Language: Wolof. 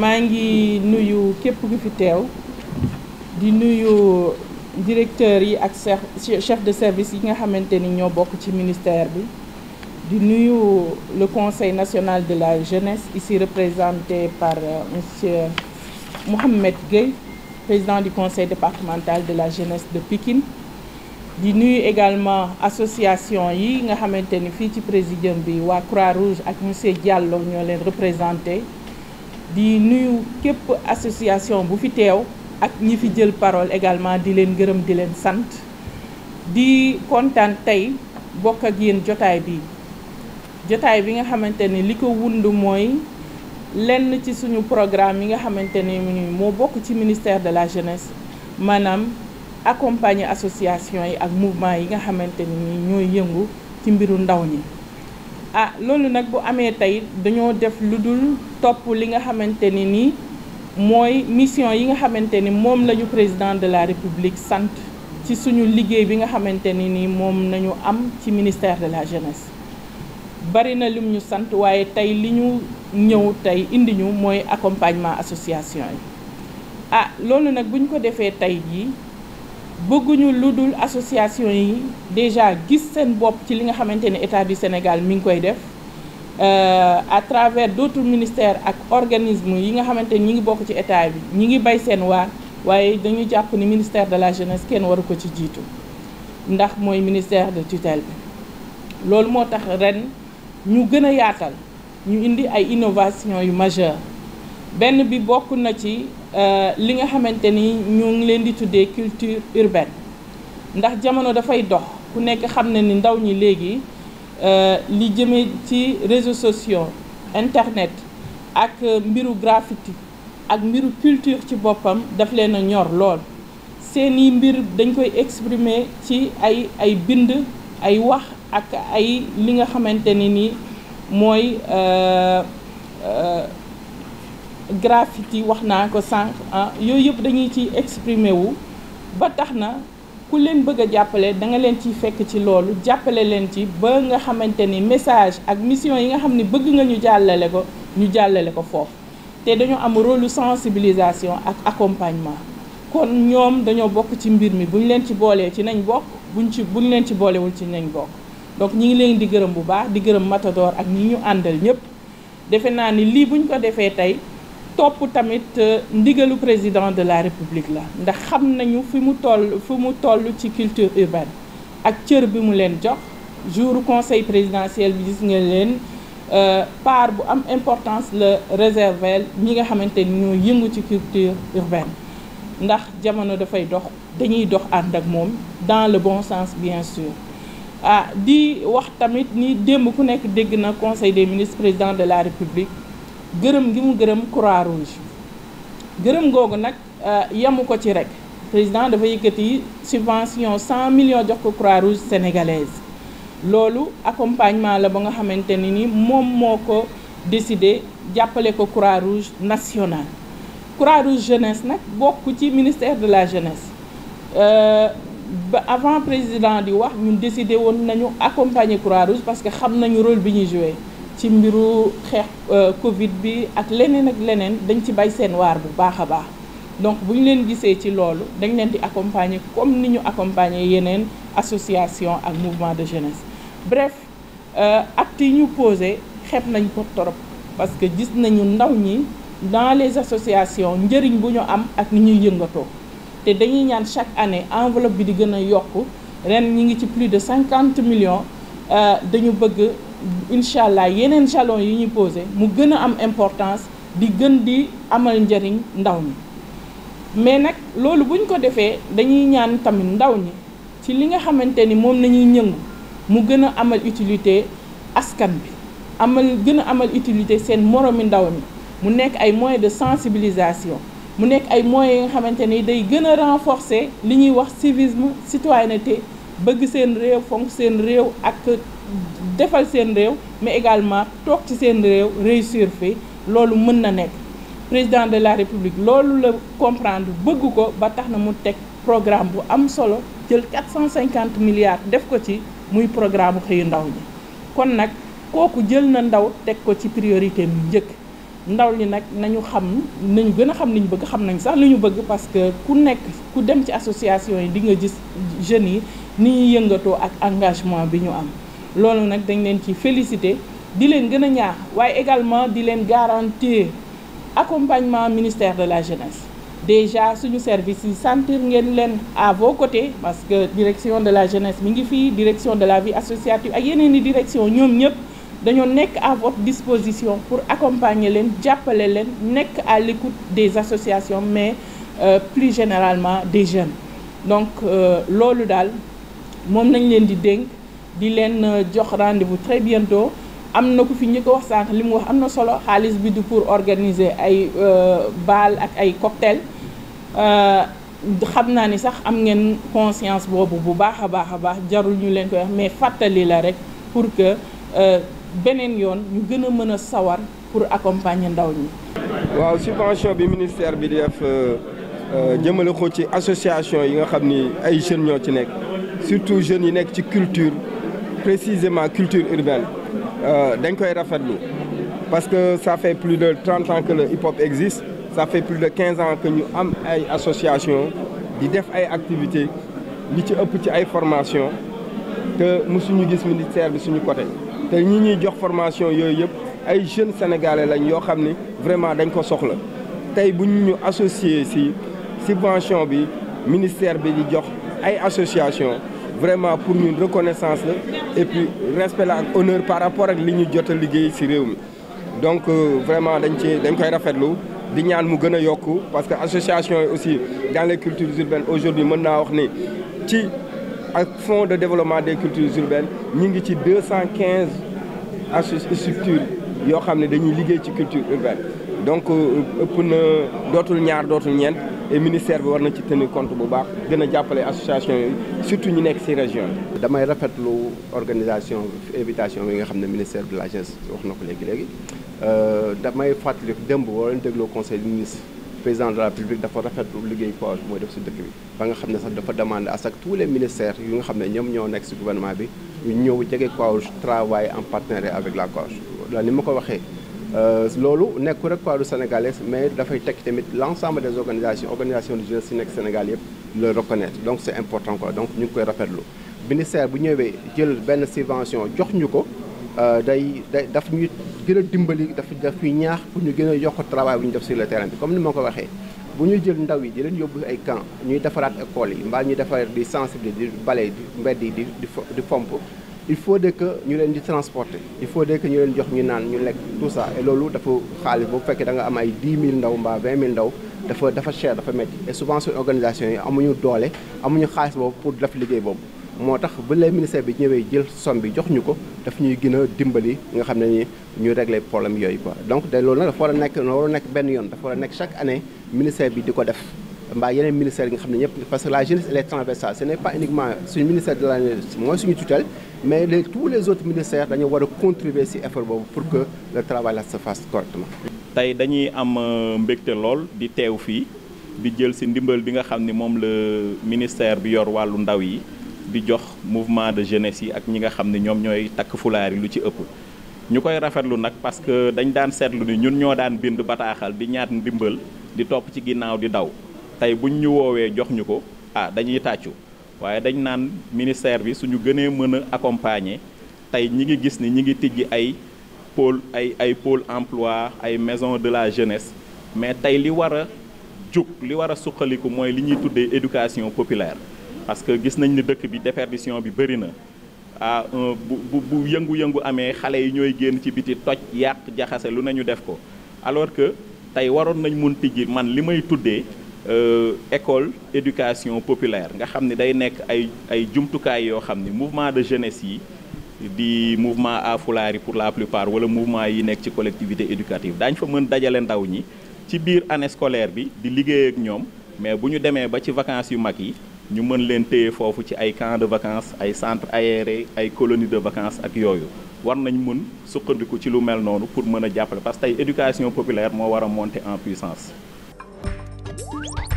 maa ngi nuyu képp ku fi teew di nuyu directeur yi ak chef de service yi nga xamante ni ñoo bokk ci ministère bi di nuyu le conseil national de la jeunesse ici représenté par euh, monsieur Mouhamed Gueye président du conseil départemental de la jeunesse de Pikine di nuyu également association yi nga xamante ni fii ci présidium bi waa Croix-Rouge ak monsieur Diallo ñoo leen représenté di nuyu képp association bu fi teew ak ñi fi jël parole également di leen gërëm di leen sant di kontaan tey bokk ak yéen jotaay bi jotaay bi nga xamante ni li ko wund mooy lenn ci suñu programme yi nga xamante ni moo bokk ci ministère de la jeunesse maanaam accompagner association yi ak mouvement yi nga xamante ni ñooy yëngu ci mbiru ndaw ñi ah loolu nag bu amee tey dañoo def lu dul topp li nga xamante ni nii mooy mission yi nga xamante ni moom lañu président de la république sant ci suñu liggéey bi nga xamante ni nii moom nañu am ci ministère de la jeunesse bari na lim ñu sant waaye tey li ñu ñëw tey indi ñu mooy accompagnement association yi ah loolu nag bu ko defee tey jii bëgguñu lu dul association yi déjà gis seen bopp ci li nga xamante ne état bi Sénégal mi ngi koy def euh, à travers d'autres ministère ak organismes yi nga xamante ni ñi ngi bokk ci état bi ñi ngi bay seen waar waaye dañu jàpp ni ministère de la jeunesse kenn waru ko ci jiitu ndax mooy ministère de tutelle bi loolu moo tax ren ñu gën a yaatal ñu indi ay innovations yu majeures benn bi bokk na ci euh, li nga xamante ni ñu ngi leen di tuddee culture urbaine ndax jamono dafay dox ku nekk xam na ni ndaw ñi léegi euh, li jëmee ci réseaux sociaux internet ak mbiru graffiti ak mbiru culture ci boppam daf leen ñor lool seeni mbir dañ koy exprimer ci ay ay bind ay wax ak ay li nga xamante ni nii mooy euh, graffiti wax naa ko sànq ah yooyu yëpp dañuy ci exprimer wu ba tax na ku leen bëgg a jàppale da nga leen ciy fekk ci loolu jàppale leen ci ba nga xamante ni message ak mission yi nga xam ne bëgg nga ñu jàllale ko ñu jàllale ko foofu te dañoo am rôle sensibilisation ak accompagnement kon ñoom dañoo bokk ci mbir mi bu ñu leen ci boolee ci nañ bokk buñ ci buñ leen ci boolewul ci nañ bokk donc ñi ngi leen di gërëm bu baax di gërëm Matador ak ñi ñu àndal ñëpp defe naa ni lii buñ ko defee tey topp tamit euh, ndigalu président de la république la ndax xam nañu fi mu toll fi mu toll ci culture urbaine ak cër bi mu leen jox jour conseil présidentiel bi gis nga leen euh, part bu am importance la réserver ñi nga xamante ni ñoo yëngu ci culture urbaine ndax jamono dafay dox dañuy dox ànd ak moom dans le bon sens bien sûr ah di wax tamit ni démb ku nekk dégg na conseil des ministres président de la république gërëm gi mu gërëm croix rouge gërëm googu nag euh, yamu ko ci rek président dafa yëkkati subvention cent million jox ko croix rouge sénégalaise loolu accompagnement la ba nga xamante ne ni moom moo ko décidé jàppale ko croix rouge nationale croix rouge jeunesse nag bokk ci ministère de la jeunesse euh, ba avant président di wax ñun décidé woon nañu accompagner croix rouge parce que xam nañu rôle bi ñuy joué ci mbiru xeex euh, Covid bi ak leneen ak leneen dañ ci bay seen waar bu baax a baax donc bu ñu leen gisee ci loolu dañ leen di accompagner comme ni ñu accompagner yeneen association ak mouvement de jeunesse bref euh, actes yi ñu posé xeeb nañ ko trop parce que gis nañu ndaw ñi dans les associations njëriñ bu ñu am ak ni ñuy yëngatoo te dañuy ñaan chaque année enveloppe bi di gën a yokk ren ñi ngi ci plus de million millions euh, dañu bëgg incha allah yeneen jalons yi ñu posé mu gën a am importance di gën di amal njëriñ ndaw mi mais nag loolu bu ñu ko defee dañuy ñaan tamit ndaw ñi ci li nga xamante ni moom nañuy ñëngu mu gën a amal utilité askan bi amal gën a amal utilité seen moromi ndaw mi mu nekk ay moyens de sensibilisation mu nekk ay moyens yi nga xamante ni day gën a renforcer li ñuy wax civisme citoyenneté bëgg seen réew fonk seen réew ak defal seen réew mais également toog ci seen réew réussir fi loolu mën na nekk président de la république loolu la comprendre bëgg ko ba tax na mu teg programme bu am solo jël 450 milliards def ko ci muy programme xëyu ndaw ñi kon nag kooku jël na ndaw teg ko ci priorité mu njëkk ndaw li nag nañu xam nañu gën a xam li ñu bëgg xam nañ sax li ñu bëgg parce que ku nekk ku dem ci association yi di nga gis jeunes yi ni ñuy yëngatoo ak engagement bi ñu am loolu nag dañ leen ci félicité di leen gën a ñaar waaye également di leen garantir accompagnement ministère de la jeunesse déjà suñu service yi sentir ngeen leen à vos côté parce que direction de la jeunesse mi ngi fii direction de la vie associative ak yeneen i direction ñoom ñëpp dañoo nekk à votre disposition pour accompagner leen jàppale leen nekk à l'écoute des associations mais euh, plus généralement des jeunes donc euh, loolu daal moom nañ leen di dénk di leen euh, jox bu vous très bientôt am na ko fi ñi ko wax sànq li mu wax am na solo xaalis bi du pour organiser ay euh, bal ak ay cocktail euh, xam naa ni sax am ngeen conscience boobu bu baax a baax a baax jarul ñu leen koy wax mais fàttali la rek pour que beneen yoon ñu gën a mën a sawar pour accompagner ndaw ñi. waaw subvention bi ministère bi di def jëmale ko ci association yi nga xam ni ay jeunes ñoo ci nekk surtout jeunes yi nekk ci culture. précisément culture urbaine euh, dañ koy rafetlu parce que ça fait plus de trente ans que le hip hop existe ça plus de quinze ans que ñu am ay association di def ay activités li ci ëpp ci ay formation te mosuñu gis ministère bi suñu côté te ñi ñuy jox formation yooyu yëpp ay jeunes sénégalais lañ yoo xam ni vraiment dañ ko soxla tey bu ñu ñu associé si subvention bi ministère bi di jox ay association vraiment pour ñun reconnaissance la et respect la ak honneur par rapport ak li ñu jot a liggéey ci réew mi donc euh, vraiment dañ ci dañ koy rafetlu di ñaan mu gën a yokku parce que association yi aussi dans les cultures urbaines aujourd'hui mën naa wax ni ci ak fonds de développement des cultures urbaines ñu ngi ci deux cent quinze structures yoo xam ne dañuy liggéey ci culture urbaine donc euh, ëpp na dootul ñaar dootul ñeent et ministère bi war na ci tenir compte bu baax gën a jàppale association yi surtout ñu nekk ci région bi. damay rafetlu organisation invitation bi nga xam ne ministère de la jeunesse wax na ko léegi léegi euh, damay fàttali démb woo leen dégloo conseil des ministres président de rafetlu liggéey PAOJ mooy def ci dëkk bi. ba nga xam ne sax dafa demande à sax tous les ministères yi nga xam ne ñoom ñoo nekk ci gouvernement bi ñu ñëw jege PAOJ travail en partenariat avec la PAOJ la ni ma ko waxee. Euh, loolu nekkul rek Croix-Rouge sénégalaise mais dafay teg tamit l' ensemble des organisations organisation de jeunesse si nekk Sénégal yëpp le reconnaître donc c' est important quoi donc ñu ngi koy rafetlu ministère bu ñëwee jël benn subvention jox ñu ko euh, day day daf ñuy gën a dimbali daf daf ñuy ñaax pour ñu gën a yokk travail bu ñu def si le terrain bi comme ni ma ko waxee bu ñuy jël ndaw yi di leen yóbbu ay camp ñuy defaraat école yi mbaa ñuy defaraat di sensibiliser di bale di mbedd yi di di fomp il faut de ñu leen di transporté il faut de que ñu leen jox ñu naan ñu lekk tout ça loolu dafa xaalis bu fekk danga am ay dix mille ndaw mbaa vingt mille ndaw dafa dafa cher dafa métti et souvent organisation yi amuñu doole amuñu xaalis boobu pour def liggéey boobu moo tax bu lee ministère bi ñëwee jël somme bi jox ñu ko daf ñuy gën a dimbali nga xam ne ni ñu régler problème yooyu quoi donc de loolu nag dafa war a nekk loolu nekk benn yoon dafa war a nekk chaque année ministère bi di ko def mbaa yeneen ministère yi nga xam ne ñëpp parce que la jeunesse elle est transversale ce n'est pas uniquement suñu ministère de la jeunesse mais les les autres ministères dañoo war a contribuer ci effort boobu pour que le travail là se fasse correctement. tey dañuy am euh, mbégte lool di teew fii di jël ci ndimbal bi nga xam ni moom la ministère bi yor wàllu ndaw yi di jox mouvement de jeunesse yi ak ñi nga xam ne ñoom ñooy takk fulaar yi lu ci ëpp. ñu koy rafetlu nag parce que dañ daan seetlu ni ñun ñoo daan bind bataaxal di ñaat ndimbal di topp ci ginnaaw di daw. tey buñ ñu woowee jox ñu ko ah dañuy tàccu waaye dañ naan ministère bi suñu gënee mën a accompagner tey ñi ngi gis ni ñi ngi tijji ay pôle ay ay pôle emploi ay maison de la jeunesse mais tey li war a jug li war a suqaliku mooy li ñuy tuddee éducation populaire parce que gis nañ ni dëkk bi déperdition bi bëri na ah bu bu yëngu-yëngu amee xale yi ñooy génn ci biti toj yàq jaxase lu nañu def ko alors que tey waroon nañ mun tijji man li may tuddee Euh, école éducation populaire nga xam ne day nekk ay ay jumtukaay yoo xam ne mouvement de jeunesse yi di mouvement Haalpulaar yi pour la plupart wala mouvement yi nekk ci collectivité éducative daañ fa mën dajale ndaw ñi ci biir année scolaire bi di liggéey ak ñoom mais bu ñu demee ba ci vacances yu mag yi ñu mën leen téye foofu ci ay camp de vacances ay centre aéré ay colonie de vacances ak yooyu war nañ mën sukkandiku ci lu mel noonu pour mën a jàppale parce que éducation populaire moo war a monter en puissance Thank you.